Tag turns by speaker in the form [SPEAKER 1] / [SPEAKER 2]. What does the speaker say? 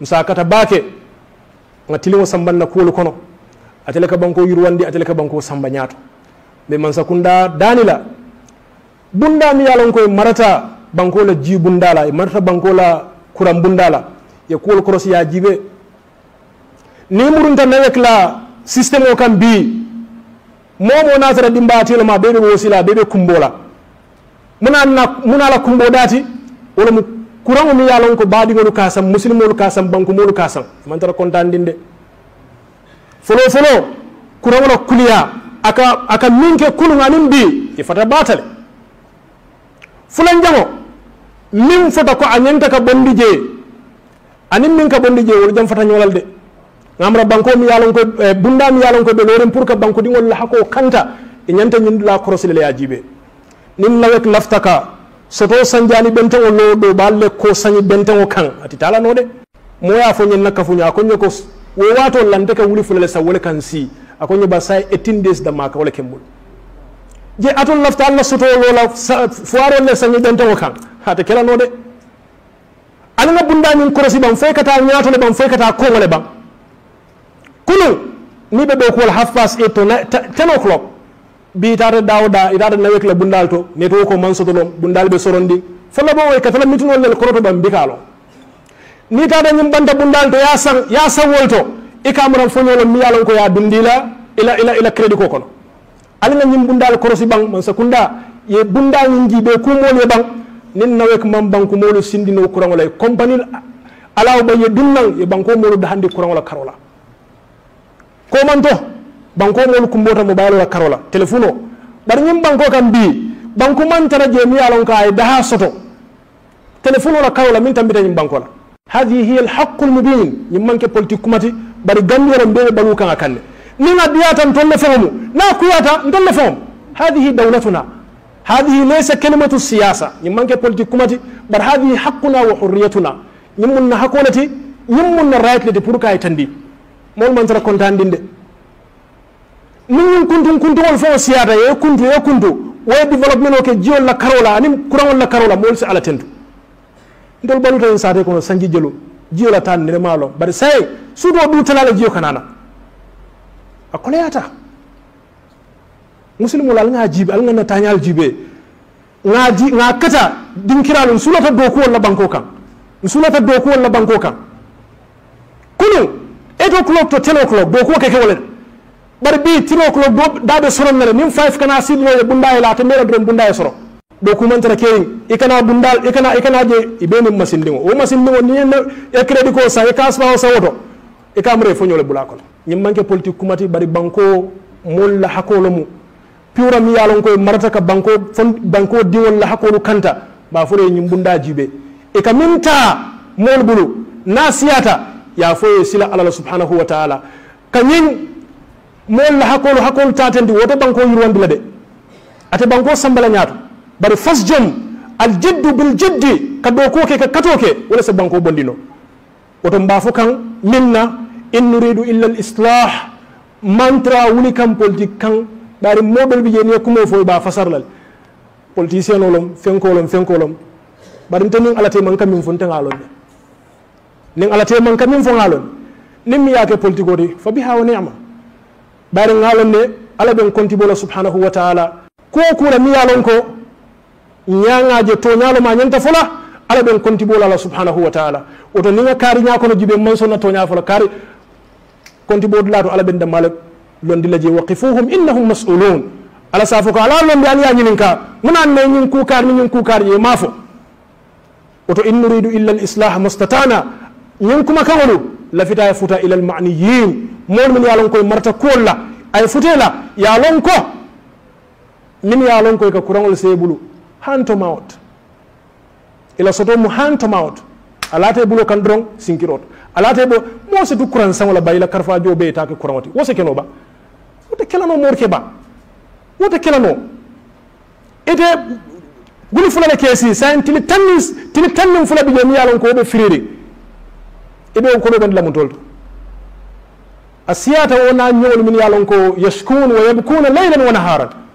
[SPEAKER 1] musakata baake nga tiliŋo na kuwolu kono atele ka banko yirwandi atele ka banko samba ñaato mais mansakunda daani la bunda mi yalon a marata banko la ji bunda la e marata banko la kuran bunda la ye kuwolu korosi ye a jiibe ni murunta nawek la systéme o kam bi momo moo naatara dimbaatilo ma a be woosi la bee be kumbola muna la kumbo dati. wala mu kurang mi yalon ko baɗigolu kasam musilmolu kasam bankumolu kasam kontan dinde folo folo kurang la kuliya aka aka minke kulun anin bi fata batale fulan jamo min fata ko anyanta ka bondi je anin min ka bondi je wol jam fata de ngamra banko mi yalon ko eh, bunda mi yalon ko be lorin pour ka banko dingol la hako kanta e ñanta ñindula ya jibe nin lawek laftaka soto sañdiyani ɓenteŋo lowo ɗo ɓalle ko sañi ɓenteŋo kan ati talano de moya fo ñen nakka fuña a koñe ko wo wato lante ke wuli fulale sa wole kan si a koñe ba saye ettin des da maka wole kembol je atol lafta allah soto lola foirol le sañi ɓenteŋo kan ate kelano de anana bundañin korosi ɓam foy kata ñatole ɓam foy kata kongole ɓam kunu ni ɓe ɓe kuwol half pas et to ten o'clock bi tata dawda itata nawek la bundal to neto ko man sotolom bundal be sorondi fala bo way katala mitunol lel koroto dam bikalo ni tata nyum banta bundal to ya san ya san wolto ikamram fonyolo mi yalon ko ya dundila ila ila ila credit ko kono alina ñim bundal korosi bang man sakunda ye bundal ñim jibe ku mol ye bang nin nawek mam bang ku molu sindino kurang lay compagnie alaw ba ye dunnang ye bang ko molu kurang la karola ko man to banko mol kumbota mobile la karola telefono bari nyim banko kam bi banko man tara je mi alon kay daha soto telefono la karola min tambita nyim banko la hadhihi hiya alhaq almubin nyim man ke politique kumati bari gambi yoro be balu kan akalle ni na ton ntolle fomu na ku kuyata ntolle fomu hadhihi dawlatuna hadhihi laysa kalimatu siyasa nyim man ke politique kumati bari hadhihi haqquna wa hurriyatuna nyim mun na hakolati nyim mun na right de pour kay tandi mol man tara kontandinde min kuntu kuntuŋol faŋo siyaata ye kuntu ye kuntu wo ye ke jiol la karo la aniŋ la karo la si ala tentu ntolu baluuta ñiŋ saate kono sanji jelo jio la taa nelemaa loŋ bari saye suutoo duutala la jio kana na a koleyaata musilimolu ali ŋa jiibe ali ŋa nataañaalu jiibee ŋa ji ŋa kata dinkiraalu nsulata dookuwolu la bankoo kaŋ nsulata dookuwolu la bankoo kaŋ kunu eight o'clock to ten o'clock dookuwo keke wo ɓar bi tirokolo do daɓe soronnere min fayf kana sidnoje bundaye la te mbeɗadren bundaye soro documentere keyin ikana bundal ikana ikana je ibeni machine ndigo wo machine ndigo ni e crédit ko sa e casma o sawoto e kamre foñole bula kono ñim manque politique kumati bari banque o mol la hakolo mu pura mi yalon koye marata ka banque o banque o diwol la hakolu kanta ba foro ye ñim bunda jiɓe e ka min ta mol bulu na siyata ya foye sila alallah subhanahu wa taala kañin mool la hakol hakol tatendi woto banko yuron dila de ate banko sambala nyaatu bari fasjum al jiddu bil jiddi ka ko ke ka ke wala so banko bondino woto mba kan minna in nuridu illa al islah mantra wuli kan politik kan ɓaari moɓel ɓe jeeni kumo fo ba fasarlal politicien olom fenkolom fenkolom bari nte ala alate man kamin fo nte Neng ala alate man kamin fo ngalon nim mi yaake politiko di fa biha wa ni'ma ɓayre ngaalon ne ala ɓen contibola subhanahu wa taala kokura miyalon ko ñaŋaje to ñaloma ñanta fola ala ɓen contibola ala subhanahu wa taala woto ninga kaari ñakono jiɓe mansona toña fola kaari contibode la to ala ɓen dammala londila je waqifuhum innahum masulun ala sa fo ko ala londi an yañinin ka munan ma ñin kukar mi ñin kukar je maafo woto in nuridu illa l'islaha mastatana ñin kuma kaolu la fita ya futa ilal maniyin mon min yalon koy marta kola ay kuwol la a ko min yalon koy ka kurangol sebulu bulu hantoma wot ila soto mu hantoma wot a laata bulo kan doroŋ sinkirot to a laata e bulo moo situ kuraŋ la bayi karfa jo be ta ka kurangoti wose keno ba wote kelano morke ba wote kelano ete gulu fulane kesi keesi sayin tili tanni tili tannin fula bi ko be firiiri ibe kono ben lamun tolto asiyata wona nyol min yalon ko yashkun wa yabkun laylan wa naharan